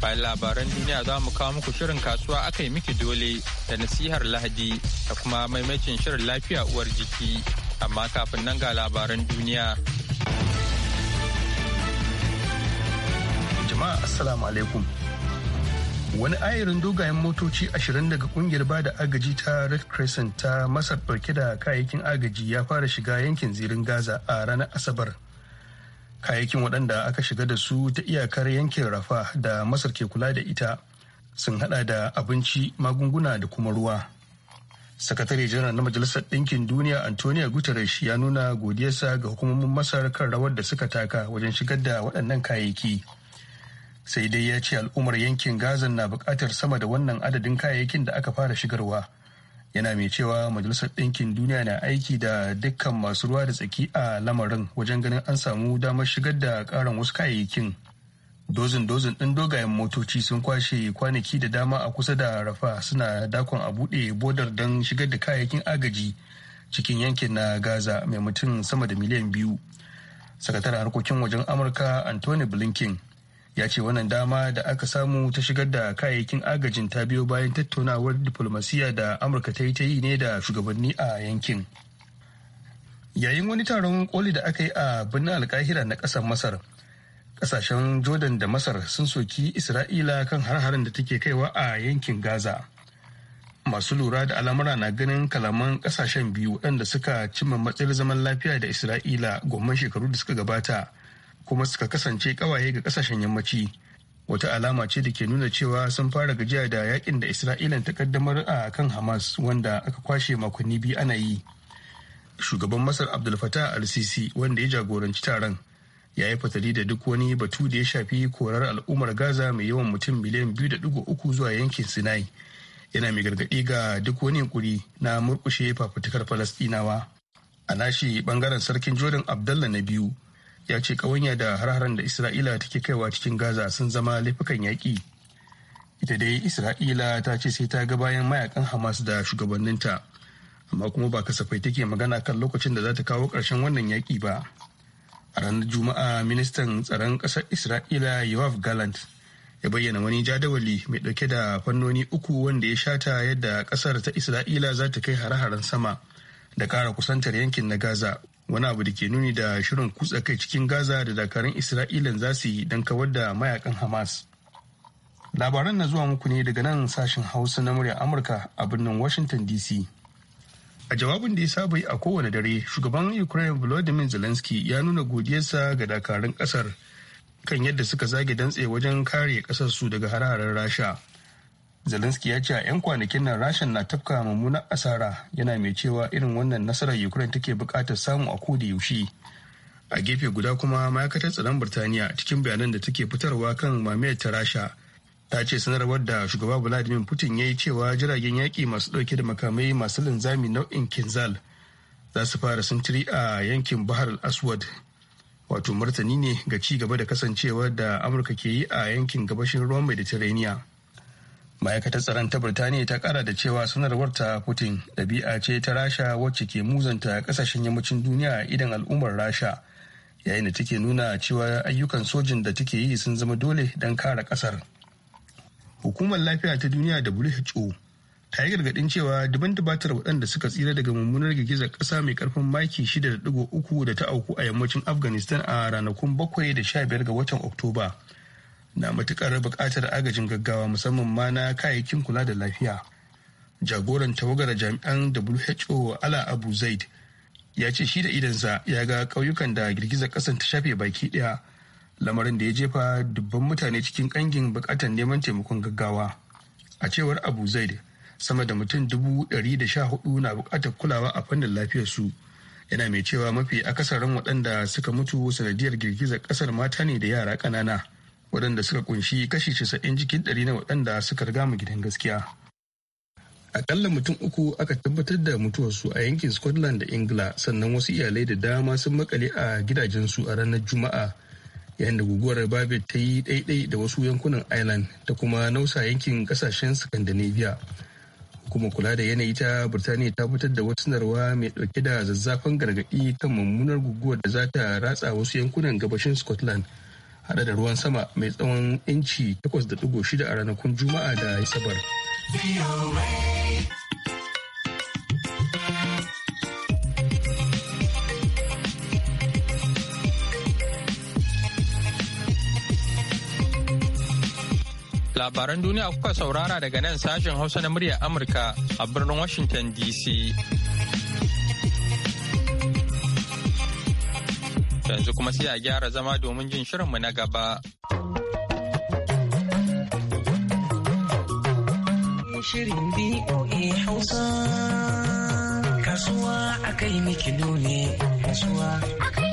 Bayan labaran duniya za mu kawo muku shirin kasuwa aka yi miki dole da nasihar lahadi da kuma maimacin shirin lafiya uwar jiki. Amma kafin nan ga labaran duniya. Jama'a Assalamu alaikum. Wani ayarin dogayen motoci ashirin daga kungiyar ba da agaji ta Red Crescent ta Masar ɗauke da kayayyakin agaji ya fara shiga yankin zirin Gaza a ranar Asabar. kayayyakin waɗanda aka shiga da su ta iyakar yankin rafa da masar ke kula da ita sun hada da abinci magunguna da kuma ruwa sakatare janar na majalisar ɗinkin duniya antonio guterres ya nuna godiyarsa ga hukumomin masar kan rawar da suka taka wajen shigar da waɗannan kayayyaki sai dai ya ce al'ummar yankin gazan na buƙatar sama da wannan adadin kayayyakin da aka fara shigarwa yana mai cewa majalisar ɗinkin duniya na aiki da dukkan masu ruwa da tsaki a lamarin wajen ganin an samu damar shigar da ƙarin wasu kayayyakin dozin dozin ɗin dogayen motoci sun kwashe kwanaki da dama a kusa da rafa suna dakon a buɗe bodar don shigar da kayayyakin agaji cikin yankin na gaza mai mutum sama da miliyan biyu sakataren harkokin wajen amurka anthony blinken ya ce wannan dama da aka samu ta shigar da kayayyakin agajin ta biyo bayan tattaunawar diflomasiyya da amurka ta yi ta yi ne da shugabanni a yankin yayin wani taron koli da aka yi a birnin alkahira na ƙasar masar ƙasashen jordan da masar sun soki isra'ila kan har-harin da take kaiwa a yankin gaza masu lura da al'amura na ganin kalaman ƙasashen biyu waɗanda suka cimma matsayar zaman lafiya da isra'ila gomman shekaru da suka gabata kuma suka kasance kawaye ga kasashen yammaci wata alama ce da ke nuna cewa sun fara gajiya da yakin da isra'ila ta kaddamar a kan hamas wanda aka kwashe makonni biyu ana yi shugaban masar abdul fatah al-sisi wanda ya jagoranci taron ya yi fatali da duk wani batu da ya shafi korar al'ummar gaza mai yawan mutum miliyan biyu da uku zuwa yankin sinai yana mai gargaɗi ga duk wani yunkuri na murkushe fafutukar falastinawa a nashi bangaren sarkin jordan abdallah na biyu ya ce ƙawanya da har-haren da isra'ila take kaiwa cikin gaza sun zama laifukan yaƙi ita dai isra'ila ta ce sai ta ga bayan mayakan hamas da shugabanninta amma kuma ba kasafai take magana kan lokacin da za ta kawo ƙarshen wannan yaƙi ba a ranar juma'a ministan tsaron ƙasar isra'ila yoav gallant ya bayyana wani jadawali mai ɗauke da fannoni uku wanda ya shata yadda ƙasar ta isra'ila za ta kai hare-haren sama da ƙara kusantar yankin na gaza wani abu da ke nuni da shirin kutsa kai cikin gaza da dakarun isra'ilan za su yi don kawar da mayakan hamas labaran na zuwa muku ne daga nan sashen hausa na murya amurka a birnin washington dc a jawabin da ya saba yi a kowane dare shugaban ukraine volodymyr zelensky ya nuna godiyarsa ga dakarun kasar kan yadda suka zage dantse wajen kare kasarsu daga hararen rasha Zelensky ya ce a 'yan kwanakin nan rashin na tafka mummunan asara yana mai cewa irin wannan nasarar Ukraine take buƙatar samu a koda yaushe. A gefe guda kuma ma'aikatar tsaron Birtaniya cikin bayanan da take fitarwa kan mamayar ta Rasha ta ce sanarwar da shugaba Vladimir Putin ya yi cewa jiragen yaƙi masu ɗauke da makamai masu linzami nau'in Kinzal za su fara sintiri a yankin Bahar aswad wato martani ne ga ci gaba da kasancewa da Amurka ke yi a yankin gabashin ruwan Mediterranean. ma'aikatar tsaron ta birtaniya ta kara da cewa sanarwar ta putin ɗabi'a ce ta rasha wacce ke muzanta kasashen yammacin duniya idan al'ummar rasha yayin da take nuna cewa ayyukan sojin da take yi sun zama dole don kare kasar hukumar lafiya ta duniya who ta yi gargaɗin cewa daban dubatar waɗanda suka tsira daga mummunar girgizar ƙasa mai ƙarfin maki 6.3 da ta auku a yammacin afghanistan a ranakun bakwai da 15 ga watan oktoba na matukar buƙatar agajin gaggawa musamman ma na kayayyakin kula da lafiya jagoran tawagar jami'an who ala abu zaid ya ce shi da idansa ya ga ƙauyukan da girgizar ƙasar ta shafe baki ɗaya lamarin da ya jefa dubban mutane cikin ƙangin buƙatar neman taimakon gaggawa a cewar abu zaid sama da mutum dubu ɗari da sha hudu na buƙatar kulawa a fannin lafiyarsu yana mai cewa mafi akasarin waɗanda suka mutu sanadiyar girgizar ƙasar mata ne da yara ƙanana waɗanda suka kunshi kashi casa'in jikin ɗari na waɗanda suka riga mu gidan gaskiya. Akalla mutum uku aka tabbatar da mutuwarsu a yankin Scotland da Ingila sannan wasu iyalai da dama sun makale a gidajensu a ranar Juma'a yayin da guguwar Babet ta yi ɗaiɗai da wasu yankunan Ireland ta kuma nausa yankin ƙasashen Scandinavia. kuma kula da yanayi ta Birtaniya ta fitar da wata sanarwa mai ɗauke da zazzafan gargaɗi kan mummunar guguwar da za ta ratsa wasu yankunan gabashin Scotland. hada da ruwan sama mai tsawon inci 8.6 a ranakun juma'a da asabar. Labaran duniya kuka saurara daga nan sashen Hausa na muryar Amurka a birnin Washington DC. Yanzu kuma sai a gyara zama domin jin shirinmu na gaba. Shirin BOA Hausa Kasuwa akai miki nune Kasuwa akai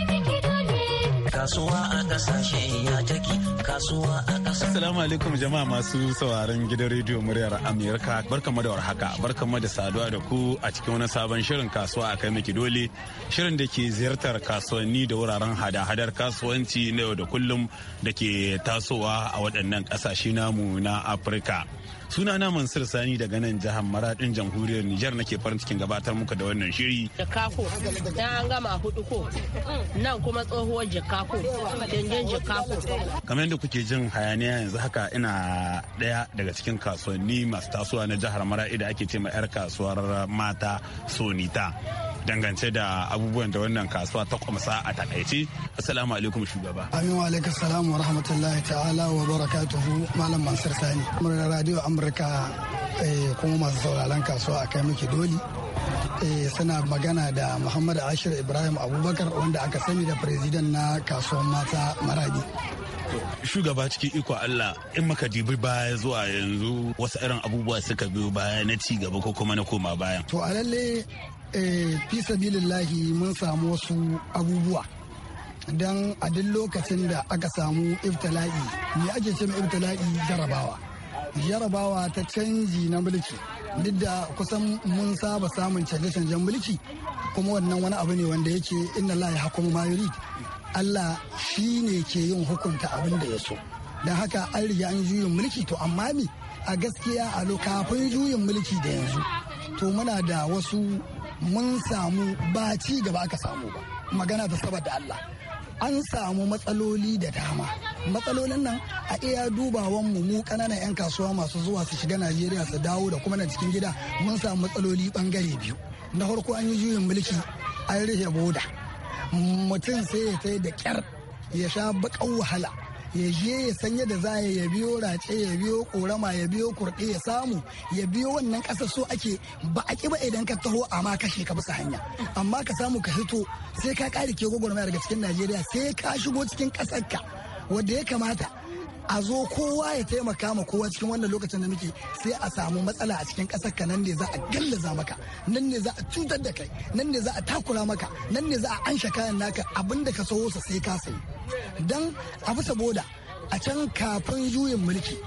kasuwa a kasashe ya take kasuwa a kasashe Assalamu alaikum jama'a masu sauraron gidan rediyo muryar Amerika barkamu da warhaka barkamu da saduwa da ku a cikin wani sabon shirin kasuwa a kai miki dole shirin da ke ziyartar kasuwanni da wuraren hada-hadar kasuwanci na yau da kullum da ke tasowa a waɗannan ƙasashe namu na Afirka. suna na mansur sani daga nan jihar maradin jamhuriyar nijar nake farin cikin gabatar muka da wannan shiri jakako na an gama hudu ko nan kuma tsohuwar jakako danjen jakako kamar yadda kuke jin hayaniya yanzu haka ina daya daga cikin kasuwanni masu tasowa na jihar maradi da ake ce ma yar kasuwar mata sonita dangance da abubuwan da wannan kasuwa ta kwamsa a takaice assalamu alaikum shugaba amin wa alaikum salam wa rahmatullahi ta'ala wa barakatuhu malam mansur sani murna radio amurka eh, kuma masu sauraron kasuwa a kai muke doli eh, suna magana da muhammad ashir ibrahim abubakar wanda aka sani da president na kasuwar mata maradi shugaba cikin iko Allah in maka dibi baya zuwa yanzu wasu irin abubuwa suka biyo baya na ci gaba ko kuma na koma bayan To a lalle Eh, fi sabilillahi mun samu wasu abubuwa don a duk lokacin da aka samu iftala'i me ake ce iftala'i jarabawa jarabawa ta canji na mulki duk da kusan mun saba samun canje-canjen mulki kuma wannan wani abu ne wanda yake inna lahi ya hakuma ma Allah shi ne ke yin hukunta abin da ya so don haka an riga an juyin mulki to amma me a gaskiya a kafin juyin mulki da yanzu to muna da wasu mun samu ba ci gaba aka samu ba magana ta saboda Allah an samu matsaloli da dama matsalolin nan a iya dubawan mu mu kananan 'yan kasuwa masu zuwa su shiga najeriya su dawo da kuma na cikin gida mun samu matsaloli bangare biyu na farko an yi juyin mulki an rufe boda mutum sai ya sai da kyar ya sha baƙar wahala ya je ya san yadda za ya biyo race ya biyo korama ya biyo kurɗe ya samu ya biyo wannan ƙasa so ake ba a ba idan ka taho amma kashe ka bisa hanya amma ka samu ka hito sai ka ƙare ke gwagwarmaya daga cikin najeriya sai ka shigo cikin ƙasar ka wadda ya kamata a zo kowa ya taimaka ma kowa cikin wannan lokacin da muke sai a samu matsala a cikin ƙasar ka nan ne za a gallaza maka nan ne za a cutar da kai nan ne za a takura maka nan ne za a ansha kayan naka abinda ka so sa sai ka sayi don abu saboda a can kafin juyin mulki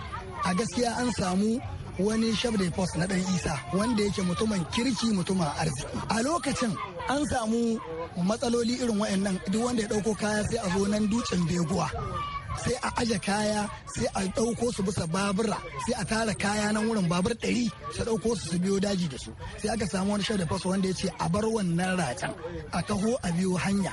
a gaskiya an samu wani shabda post na dan isa wanda yake mutumin kirki mutumin arziki a lokacin an samu matsaloli irin waɗannan duk wanda ya ɗauko kaya sai a zo nan dutsen beguwa sai a aje kaya sai a ɗauko su bisa babura sai a tara kaya nan wurin babur ɗari su ɗauko su su biyo daji da su sai aka samu wani shaida fasa wanda ya ce a bar wannan ratan a taho a biyo hanya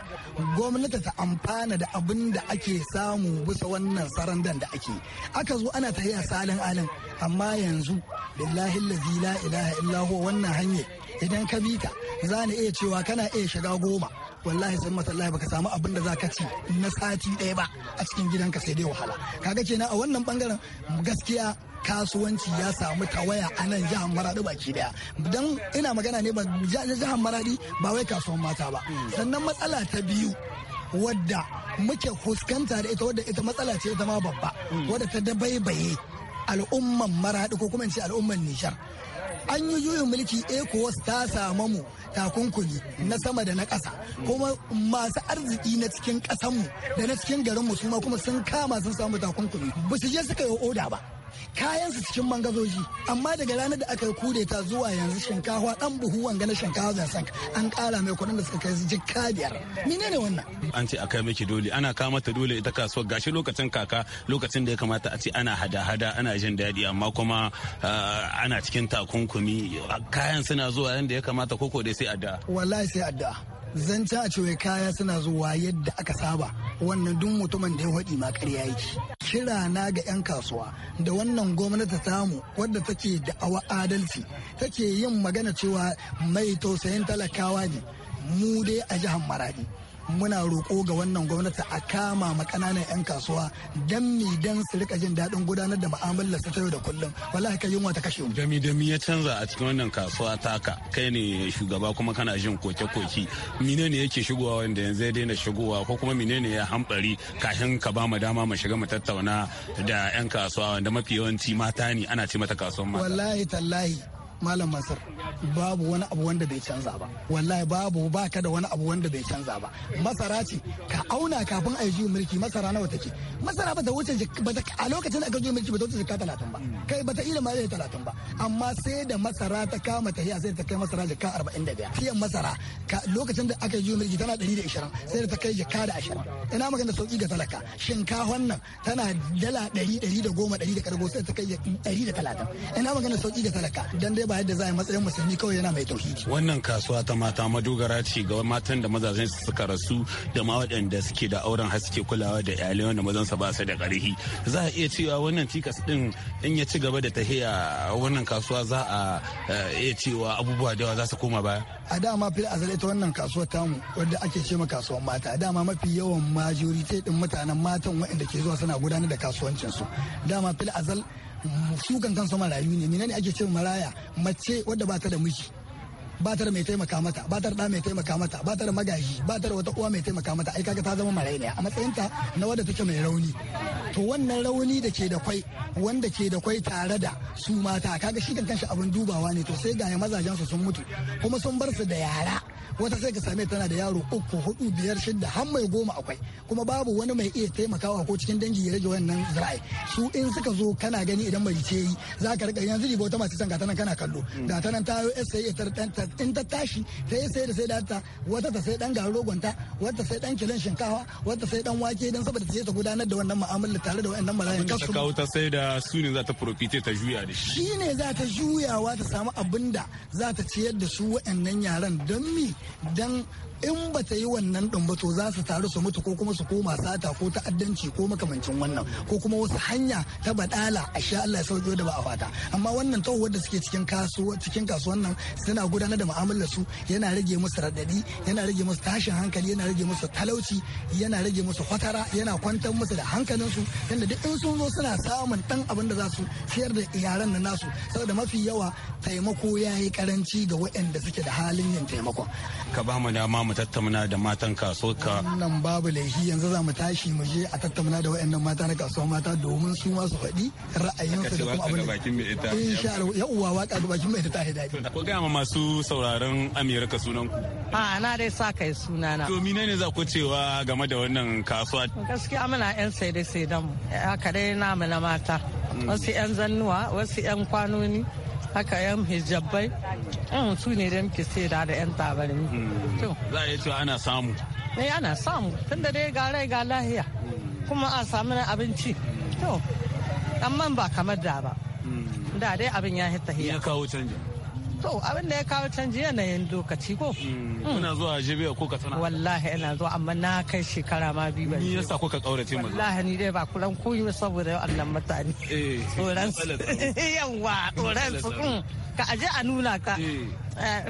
gwamnati ta amfana da abin da ake samu bisa wannan sarandan da ake aka zo ana tahiya salin alin amma yanzu billahi la ilaha illahu wannan hanyar idan ka bi ta za ni iya cewa kana iya shiga goma wallahi sun masallahi baka samu abin da za ka ci na sati ɗaya ba a cikin gidan ka sai dai wahala kaga kenan a wannan bangaren gaskiya kasuwanci ya samu tawaya a nan jihar maradi baki daya don ina magana ne ba jihar maradi ba wai kasuwan mata ba sannan matsala ta biyu wadda muke fuskanta da ita wadda ita matsala ce ita ma babba wadda ta dabaibaye al'umman maradi ko kuma in ce al'umman nishar an yi juyin mulki ecowas eh ta samu mu takunkumi na sama da na ƙasa kuma masu arziki na cikin ƙasanmu da na cikin garinmu su ma kuma sun kama sun samu takunkumi ba su je suka yi oda ba kayansu cikin mangazoji amma daga ranar da aka yi ta zuwa yanzu shinkawa dan buhu wanga na shinkawa da sank an kara mai kudin da suka kai jikka biyar menene wannan an ce akai miki dole ana kama ta dole ita kasuwar gashi lokacin kaka lokacin da ya kamata a ce ana hada-hada ana jin daɗi amma kuma ah, ana cikin takunkumi kayan suna zuwa yanda ya kamata koko dai sai addu'a wallahi sai addu'a zanta a cewa kaya suna zuwa yadda aka saba wannan duk mutumin da ya hodi ma ƙarya yake kira na ga 'yan kasuwa da wannan gwamnati tamu wadda take da awa adalci take yin magana cewa mai tausayin talakawa ne mu dai a jihar maradi muna roƙo ga wannan gwamnati a kama ma ƙananan 'yan kasuwa dan mi dan su rika jin daɗin gudanar da mu'amalar ta yau da kullum wallahi ka yunwa ta kashe mu dami dami ya canza a cikin wannan kasuwa taka kai ne shugaba kuma kana jin koke koki mine ne yake shigowa wanda yanzu ya daina shigowa ko kuma mine ne ya hambari kafin ka ba mu dama mu shiga mu tattauna da 'yan kasuwa wanda mafi yawanci mata ne ana ce mata kasuwan mata wallahi tallahi malam masar babu wani abu wanda bai canza ba wallahi babu baka da wani abu wanda bai canza ba masara ce ka auna kafin a yi mulki masara nawa take masara ba ta wuce a lokacin da aka yi mulki ba ta wuce jikka talatin ba kai ba ta ila ma zai talatin ba amma sai da masara ta kama ta sai ta kai masara jikka arba'in da biyar fiyan masara lokacin da aka yi mulki tana ɗari da ashirin sai da ta kai jikka da ashirin ina magana sauki ga talaka shinkafan nan tana dala ɗari ɗari da goma ɗari da kargo sai ta kai ɗari da talatin ina magana sauki ga talaka dan dai ba yadda za a yi matsayin musulmi kawai yana mai tauhidi wannan kasuwa ta mata madogara ce ga matan da mazajen suka rasu da ma waɗanda suke da auren har suke kulawa da iyalai wanda mazansa ba su da ƙarfi za a iya cewa wannan cikas din in ya ci gaba da tahiya wannan kasuwa za a eh, iya cewa abubuwa da yawa za su koma baya a dama fil azal ita wannan kasuwar tamu wadda ake ce ma kasuwar mata a dama mafi yawan majority din mutanen matan waɗanda ke zuwa suna gudanar da kasuwancinsu dama fil azal su kankan sama rayu ne menene ake ce maraya mace wadda ba ta da miji ba ta da mai taimaka mata ba ta da mai taimaka mata ba ta da magaji ba ta da wata uwa mai taimaka mata ai kaga ta zama ne. a matsayinta na wadda take mai rauni to wannan rauni da ke da kwai wanda ke da kwai tare da su mata kaga shi kan kanshi abin dubawa ne to sai ga mazajen su sun mutu kuma sun bar su da yara wata sai ka same tana da yaro uku hudu biyar shida har mai goma akwai kuma babu wani mai iya taimakawa ko cikin dangi ya rage wannan zira'i su in suka zo kana gani idan mai ce yi za ka rika yanzu riba wata masu san gata nan kana kallo gata nan ta yi sai in ta tashi ta yi sai da sai da ta wata ta sai dan garin rogonta wata sai dan kilan shinkawa wata sai dan wake dan saboda ta je ta gudanar da wannan mu'amala tare da wannan malayan kasu. kawo ta sai da su ne za ta profite ta juya da shi. Shi ne za ta juyawa ta samu abinda da za ta ciyar da su wa'annan yaran don mi dan in ba ta yi wannan ɗin ba to za su taru su mutu ko kuma su koma sata ko ta'addanci ko makamancin wannan ko kuma wasu hanya ta baɗala a sha Allah sauki da ba a fata amma wannan tawo da suke cikin cikin kasuwan nan suna gudanar da mu'amalar su yana rage musu radadi yana rage musu tashin hankali yana rage musu talauci yana rage musu kwatara yana kwantar musu da hankalin su yanda duk in sun zo suna samun dan abin da za su ciyar da iyaran na nasu saboda mafi yawa taimako ya yi karanci ga waɗanda suke da halin yin taimakon ka ba mu dama mu tattauna da matan kaso ka wannan babu laifi yanzu za mu tashi mu je a tattauna da wayannan mata na kasuwa mata domin su ma su faɗi ra'ayinsu da kuma abin da bakin mai ita eh, sha Allah ya uwa wa ka bakin mai ita ta hidaya ko ga ma masu sauraron Amerika sunan ku na dai sa kai sunana to ne za ku cewa game da wannan kasuwa gaskiya muna yan sai dai sai dan haka dai na mata wasu yan zannuwa wasu yan kwanoni haka yan hijabai yan su ne da muke saida da yan tabarmi hmm. to za a cewa ana samu ne eh, ana samu tunda dai ga rai ga lahiya hmm. kuma a samu na abinci to amma ba kamar da ba hmm. da dai abin ya hita hiya ya kawo canji To abin da ya kawo canji yanayin lokaci ko. Hmm, kuna zuwa Jibiya ko tana. Wallahi ina zuwa amma na kai shekara ma biyu ban. Ni yasa ko ka kaurace mu? Wallahi ni dai ba kuran koyi saboda yau Allah mutane. Eh. Tsoron yawa Yawwa tsoron su. ka aje a nuna ka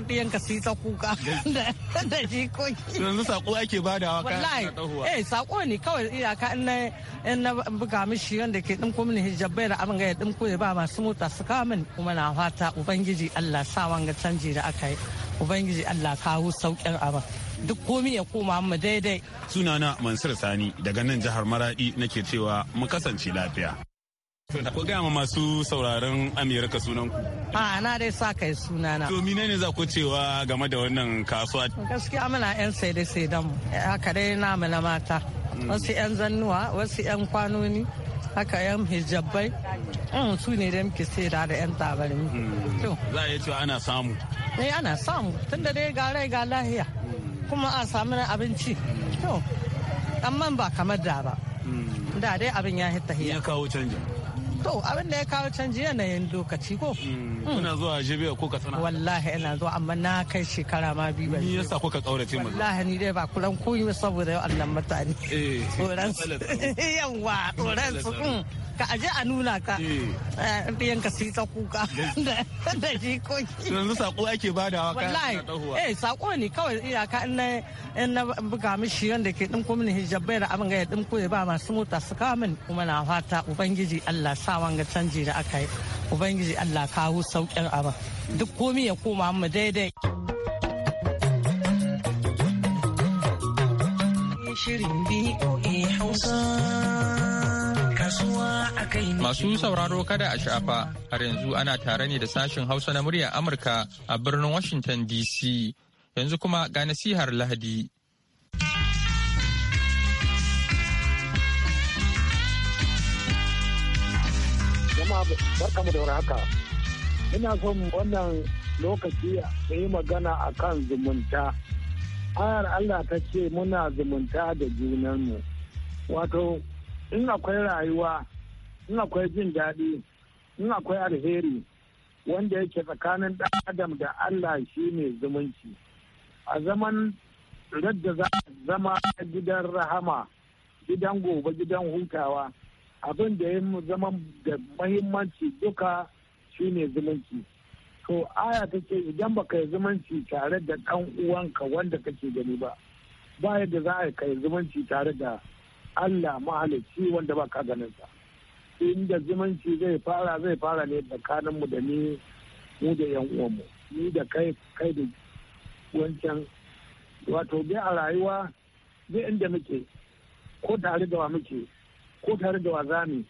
ɗiyan eh. eh, ka su kuka da jikoki. Yanzu sako ake wa kan na ɗahuwa. Eh sako ne kawai iyaka in na buga mishi wanda ke ɗin mini hijab bai da abin ga ya ɗin ya ba masu mota su kawo min kuma na fata Ubangiji Allah sa wanga canji da aka yi. Ubangiji Allah kawo sauƙin abin. Duk komi ya koma mu daidai. Sunana Mansur Sani daga nan jihar Maradi nake cewa mu kasance lafiya. Ko gaya ma masu sauraron Amerika sunan ku. A na dai sa kai na. To mine ne za ku cewa game da wannan kasuwa? Gaskiya muna 'yan sai da sai damu. Haka dai namu na mata. Mm. Wasu 'yan zannuwa, wasu 'yan kwanoni, haka 'yan hijabai. Yan su ne da muke sai da 'yan tabarmi. Mm. Za a iya cewa ana samu. Eh ana samu. Tunda dai ga rai ga lahiya. Mm. Kuma a samu na abinci. To, amma ba kamar da ba. Da dai abin ya hita hiya. Ya kawo canjin. To abin da ya kawo canji yanayin lokaci ko. Mm, mm. Kuna zuwa Jibiya ko ka Katsina? Wallahi ina zuwa amma na kai shekara ma biyu ba. Ni yasa ko ka kaurace mu? Wallahi ni dai ba kulan koyi saboda yau Allah mutane. Eh. Tsoron su. Yawwa tsoron su. ka aje a nuna ka ɗiyan eh. eh, ka sai sako kuka da jikoki yanzu sako ake bada wa kan eh sako ne kawai iyaka in na in na buga mishi wanda ke din mini hijab bai da abin ga ya din ya ba masu mota su kawo min kuma na fata ubangiji Allah sa wanga canji da aka yi ubangiji Allah kawo saukin abin duk komi ya koma mu daidai shirin BOA Hausa kasuwa Masu sauraro kada a shafa har yanzu ana tare ne da sashen Hausa na muryar Amurka a birnin Washington DC. Yanzu kuma ga nasihar Lahadi. Jama'a barkamu da haka. Ina son wannan lokaci da yi magana a kan zumunta. Ayar Allah ta ce muna zumunta da junanmu. Wato, in akwai rayuwa in akwai jin daɗi in akwai alheri wanda yake tsakanin ɗan adam da allah shi ne zumunci a zaman radda za a zama gidan rahama gidan gobe gidan hutawa abin da ya zama da mahimmanci duka shine zumunci to aya ta ce idan ba ka yi zumunci tare da ɗan uwanka wanda kake gani ba ba yadda za a kai zumunci tare da allah mahalicci wanda ba ka ganinsa inda zumunci zai fara zai fara ne tsakaninmu da ni mu da yan uwanmu ni da kai kai da wancan wato bai a rayuwa bai inda muke ko tare da wa muke ko tare da wa zami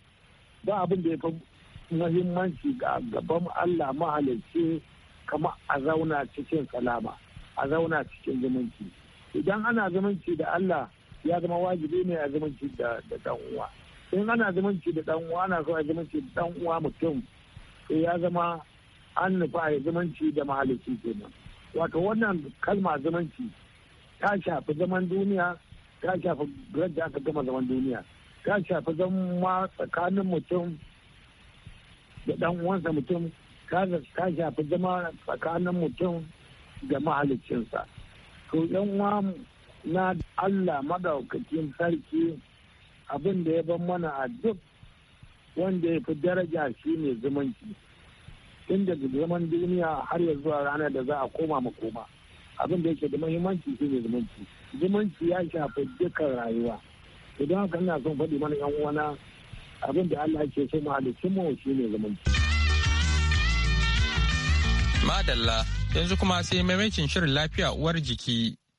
ba abin da ya fi muhimmanci ga gaban Allah mahalicci kama a zauna cikin salama a zauna cikin zumunci idan ana zumunci da Allah ya zama wajibi ne a zumunci da dan uwa in ana zumunci da dan uwa ana so a zumunci da dan uwa mutum sai ya zama an nufa ya zumunci da mahalicci kenan wato wannan kalma zumunci ta shafi zaman duniya ta shafi da aka gama zaman duniya ta shafi zama tsakanin mutum da dan uwansa mutum ta shafi zama tsakanin mutum da mahaliccinsa to yan uwa na Allah madaukakin sarki abin da ya ban mana a duk wanda ya fi daraja shi ne zumunci tun daga zaman duniya har ya zuwa ranar da za a koma makoma abin da yake da muhimmanci shi ne zumunci zumunci ya shafi dukkan rayuwa idan haka ina son faɗi mana yan uwana abin da Allah ke so mu halicci mu shi ne zumunci. Madalla yanzu kuma sai maimakin shirin lafiya uwar jiki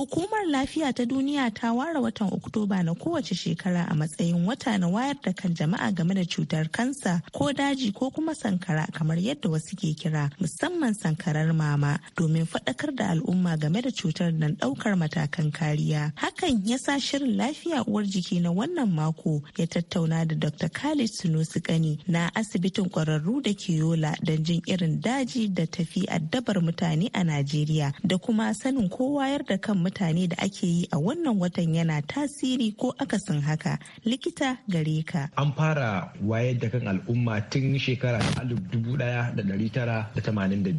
Hukumar Lafiya ta Duniya ta ware watan Oktoba na kowace shekara a matsayin wata na wayar da kan jama'a game da cutar kansa ko daji ko kuma sankara kamar yadda wasu ke kira musamman sankarar mama domin faɗakar da al'umma game da cutar nan ɗaukar matakan kariya. Hakan ya sa shirin lafiya uwar jiki na wannan mako ya tattauna da Dr. Khalid Sunusi Kani na asibitin ƙwararru da ke Yola don jin irin daji da tafi addabar mutane a Najeriya da kuma sanin ko wayar da kan mutane da ake yi a wannan watan yana tasiri ko akasin haka likita gare ka. An fara wayar da kan al'umma tun shekara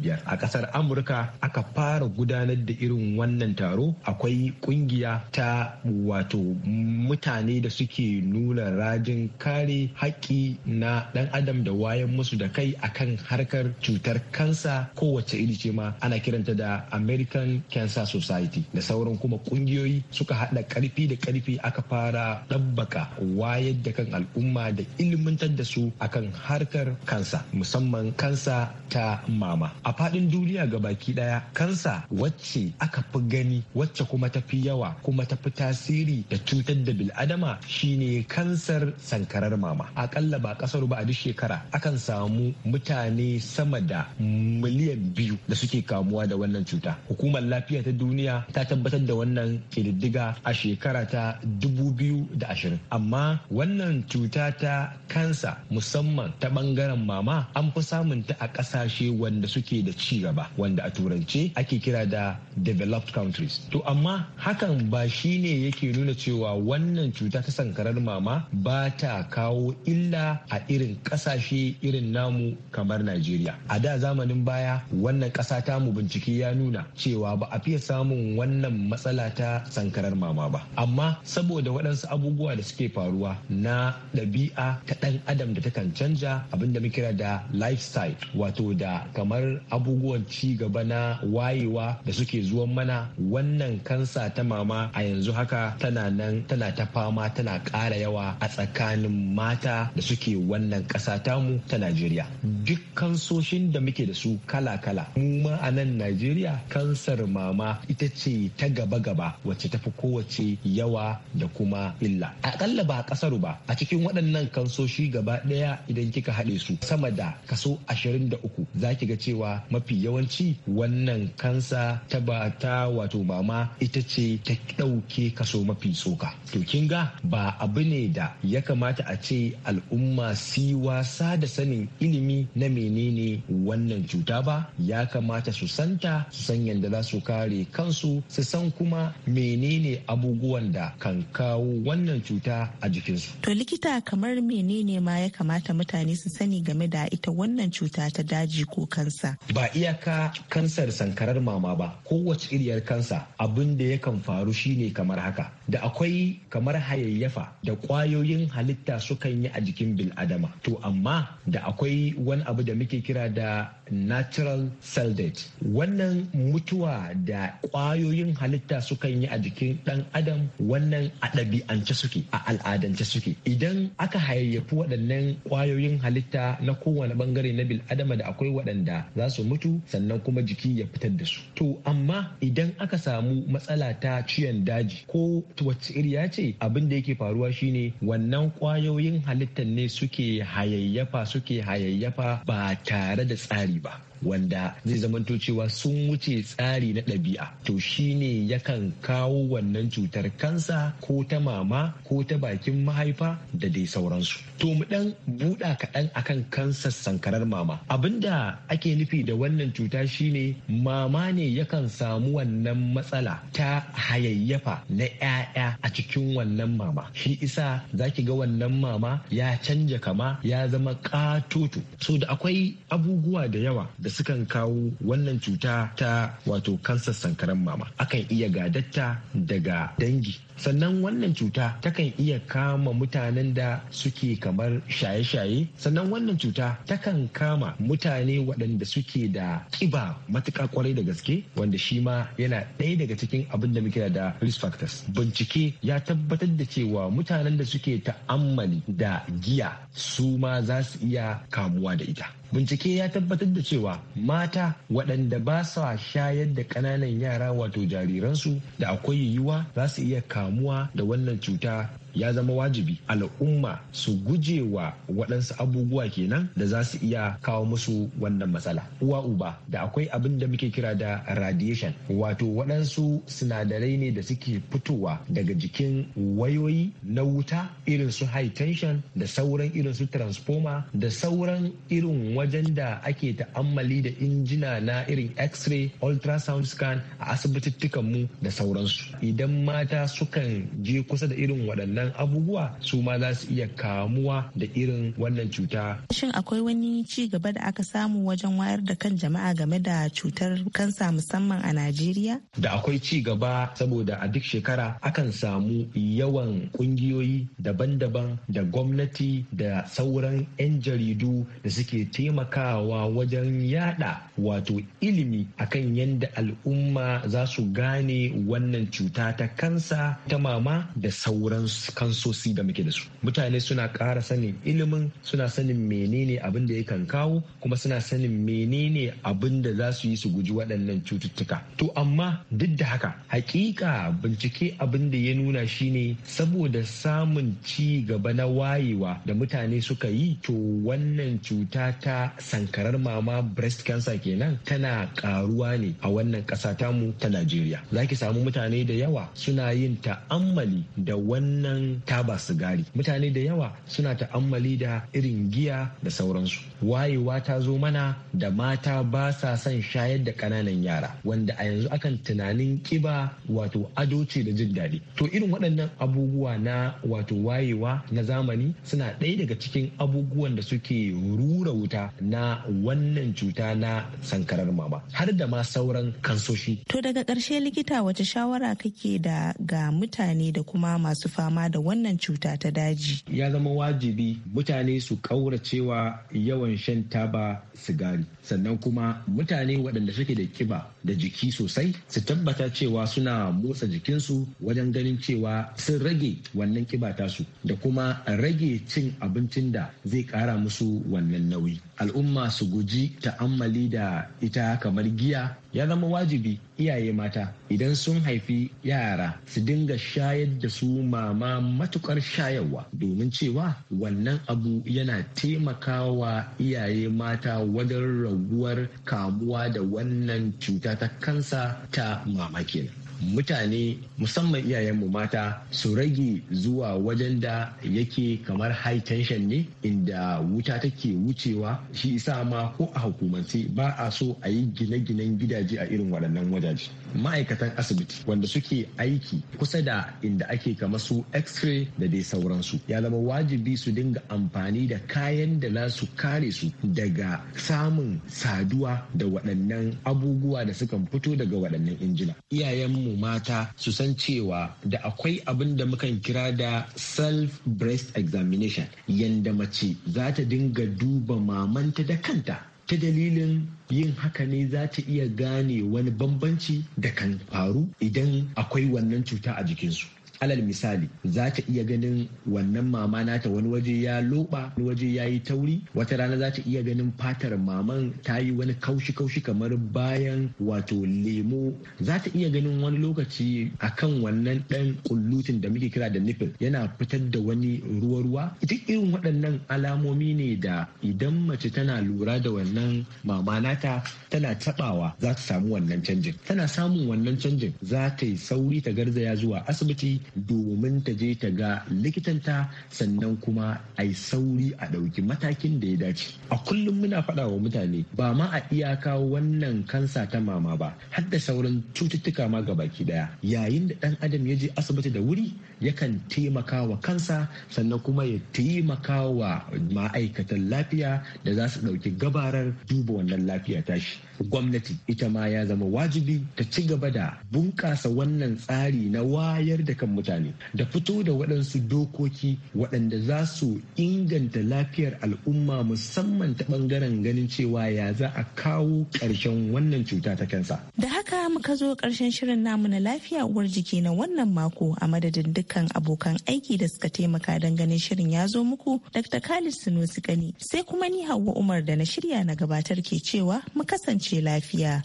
biyar a kasar Amurka aka fara gudanar da irin wannan taro akwai kungiya ta wato mutane da suke nuna rajin kare haƙƙi na ɗan adam da wayan musu da kai akan harkar cutar kansa kowace iri ce ma ana kiranta da American Cancer Society da sauran sauran kuma kungiyoyi suka haɗa karfi da karfi aka fara ɗabbaka wayar da kan al'umma da ilmantar da su akan harkar kansa musamman kansa ta mama a faɗin duniya ga baki ɗaya kansa wacce aka fi gani wacce kuma ta fi yawa kuma ta fi tasiri da cutar da bil'adama shine kansar sankarar mama akalla ba kasar ba a duk shekara akan samu mutane sama da miliyan biyu da suke kamuwa da wannan cuta hukumar lafiya ta duniya ta tabbatar tabbatar da wannan kididdiga a shekara ta 2020 amma wannan cuta ta kansa musamman ta bangaren mama an fi samun ta a kasashe wanda suke da ci gaba wanda a turance ake kira da developed countries to amma hakan ba shi ne yake nuna cewa wannan cuta ta sankarar mama ba ta kawo illa a irin kasashe irin namu kamar najeriya a da zamanin baya wannan kasa mu bincike ya nuna cewa ba a fiye samun wannan matsala ta sankarar mama ba amma saboda waɗansu abubuwa da suke faruwa na ɗabi'a ta ɗan adam da takan canja abinda muke kira da lifestyle wato da kamar abubuwan ci gaba na wayewa da suke zuwan mana wannan kansa ta mama a yanzu haka tana nan tana ta fama tana ƙara yawa a tsakanin mata da suke wannan ƙasa tamu ta Najeriya. Duk kansoshin da muke da su kala-kala. Mu ma a nan Najeriya kansar mama ita ce ta gaba-gaba wacce tafi kowace yawa da kuma illa akalla ba a kasaru ba a cikin waɗannan kansoshi gaba ɗaya idan kika haɗe su sama da kaso 23 za ki ga cewa mafi yawanci wannan kansa ta ba ta wato mama ita ce ta ɗauke kaso mafi tsoka to kin ga ba abu ne da ya kamata a ce al'umma si wasa da sanin ilimi na menene wannan cuta ba ya kamata su santa su san yadda za su kare kansu su san san kuma menene abubuwan da kan kawo wannan cuta a jikinsu. To likita kamar menene ma ya kamata mutane su sani game da ita wannan cuta ta daji ko kansa? Ba iyaka kansar sankarar mama ba kowace iriyar kansa abin da yakan faru shine kamar haka da akwai kamar hayayyafa da kwayoyin halitta sukan yi a jikin bil'adama to amma da akwai wani abu da muke kira da natural cell death wannan mutuwa da kwayoyin halitta sukan yi a jikin dan adam wannan a ɗabi'ance suke a al'adance suke idan aka hayayyafi waɗannan kwayoyin halitta na kowane bangare na bil adama da akwai waɗanda za su mutu sannan kuma jiki ya fitar da su to amma idan aka samu matsala ta ciyan daji ko wacce iriya ce abin da yake faruwa shine wannan kwayoyin halittar ne suke hayayyafa suke hayayyafa ba tare da tsari gegenüber. wanda zai zamanto cewa sun wuce tsari na ɗabi'a to shine yakan kawo wannan cutar kansa ko ta mama ko ta bakin mahaifa da dai sauransu to mu dan buɗa kaɗan akan kansar sankarar mama abinda ake nufi da wannan cuta shine mama ne yakan samu wannan matsala ta hayayyafa na 'ya'ya a cikin wannan mama shi isa za ki ga wannan mama ya canja kama ya zama katoto so da akwai abubuwa da yawa da sukan kawo wannan cuta ta wato kansar sankaran mama akan iya gadatta daga dangi sannan wannan cuta takan iya kama mutanen da suke kamar shaye-shaye sannan wannan cuta takan kama mutane waɗanda suke da kiba matuƙa ƙwarai da gaske wanda shi ma yana ɗaya daga cikin abin da muke da risk factors bincike ya tabbatar da cewa mutanen da suke ta'ammali da giya su ma za su iya kamuwa da ita bincike ya tabbatar da cewa mata waɗanda ba sa shayar da ƙananan yara wato jariransu da akwai yiwuwa za su iya kamuwa kamuwa da wannan cuta ya zama wajibi al'umma su guje wa waɗansu abubuwa kenan da za su iya kawo musu wannan matsala uwa uba da akwai abin da muke kira da radiation wato waɗansu sinadarai ne da suke fitowa daga jikin wayoyi na wuta irin su high tension da sauran irin su transformer da sauran irin wajen da ake ta'ammali da injina na irin x-ray ultrasound scan a asibitittukan mu da sauransu idan mata sukan je kusa da irin waɗannan waɗannan abubuwa su ma za su iya kamuwa da irin wannan cuta. Shin akwai wani ci gaba da aka samu wajen wayar da kan jama'a game da cutar kansa musamman a Najeriya? Da akwai ci gaba saboda a duk shekara akan samu yawan ƙungiyoyi daban-daban da gwamnati da sauran 'yan jaridu da suke taimakawa wajen yada wato ilimi akan yadda al'umma za su gane wannan cuta ta kansa ta mama da sauransu. kan kansosi da muke da su mutane suna ƙara sanin ilimin suna sanin menene abin da yakan kawo kuma suna sanin menene abin da za su yi su guji waɗannan cututtuka to amma duk da haka hakika bincike abin da ya nuna shine saboda samun ci gaba na wayewa da mutane suka yi to wannan cuta ta sankarar mama breast cancer kenan tana karuwa ne a wannan ƙasa mu ta Najeriya za ki samu mutane da yawa suna yin ta'ammali da wannan wajen taba sigari mutane da yawa suna ta'ammali da irin giya da sauransu wayewa ta zo mana da mata ba sa son shayar da ƙananan yara wanda a yanzu akan tunanin kiba wato ado ce da jin daɗi to irin waɗannan abubuwa na wato wayewa na zamani suna ɗaya daga cikin abubuwan da suke rura wuta na wannan cuta na sankarar mama har da ma sauran kansoshi to daga ƙarshe likita wace shawara kake da ga mutane da kuma masu fama da wannan cuta ta daji. Ya zama wajibi mutane su ƙauracewa yawan shan taba sigari. Sannan kuma mutane waɗanda suke da kiba da jiki sosai su tabbata cewa suna motsa jikinsu wajen ganin cewa sun rage wannan kiba tasu da kuma rage cin abincin da zai ƙara musu wannan nauyi. Al'umma su guji ta'ammali da ita kamar giya ya zama wajibi iyaye mata idan sun haifi yara su dinga shayar da su mama matukar shayarwa domin cewa wannan abu yana taimakawa iyaye mata wajen raguwar kamuwa da wannan cuta ta kansa ta mamakin. mutane musamman iyayenmu mata su rage zuwa wajen da yake kamar high tension ne inda wuta take wucewa shi isa ma ko a hukumance ba a so a yi gine-ginen gidaje a irin waɗannan wajaje ma'aikatan asibiti wanda suke aiki kusa da inda ake kama su x-ray da dai sauransu ya zama wajibi su dinga amfani da kayan da za su kare su daga samun saduwa da waɗannan abubuwa da sukan fito daga waɗannan injina iyayenmu mata su san cewa da akwai abin da mukan kira da self breast examination yanda mace za ta dinga duba mamanta da kanta ta dalilin yin haka ne za ta iya gane wani bambanci da kan faru idan akwai wannan cuta a jikinsu alal misali za ta iya ganin wannan mama nata wani waje ya loba wani waje ya yi tauri wata rana za ta iya ganin fatar maman ta yi wani kaushi kaushi kamar bayan wato lemo za ta iya ganin wani lokaci akan wannan dan kullutin da muke kira da nipple yana fitar da wani ruwa ruwa duk irin waɗannan alamomi ne da idan mace tana lura da wannan mama nata tana tabawa za ta samu wannan canjin tana samun wannan canjin za ta yi sauri ta garzaya zuwa asibiti domin ta je ta ga likitanta sannan kuma a yi sauri a ɗauki matakin da ya dace a kullum muna faɗa wa mutane ba ma a iyaka wannan kansa ta mama ba har da sauran cututtuka ma ga baki ɗaya. yayin da ɗan adam ya je asibiti da wuri yakan taimaka wa kansa sannan kuma ya taimaka wa ma'aikatan lafiya da za su ɗauki gabarar duba wannan lafiya tashi gwamnati ita ma ya zama wajibi ta ci gaba da bunƙasa wannan tsari na wayar da kan mutane da fito da waɗansu dokoki waɗanda za su inganta lafiyar al'umma musamman ta ɓangaren ganin cewa ya za a kawo ƙarshen wannan cuta ta kansa. Da haka muka zo ƙarshen shirin namu na lafiya uwar jiki na wannan mako a madadin dukkan abokan aiki da suka taimaka don ganin shirin ya zo muku Dr. Khalid Sunusi Kani sai kuma ni Hauwa Umar da na shirya na gabatar ke cewa mu kasance kasance lafiya.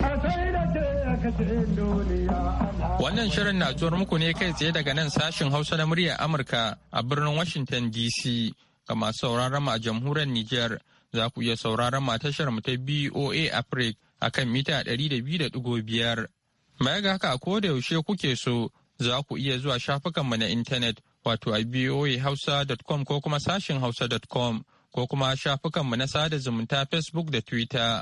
Wannan shirin na zuwar muku ne kai tsaye daga nan sashin Hausa na muryar Amurka a birnin Washington DC ga masu sauraron mu a jamhuriyar Nijar za ku iya sauraron mu a tashar mu ta BOA Africa a kan mita 200.5. Baya ga haka ko da yaushe kuke so za ku iya zuwa shafukanmu na intanet wato a boahausa.com ko kuma sashin hausa.com ko kuma shafukanmu na sada zumunta Facebook da Twitter.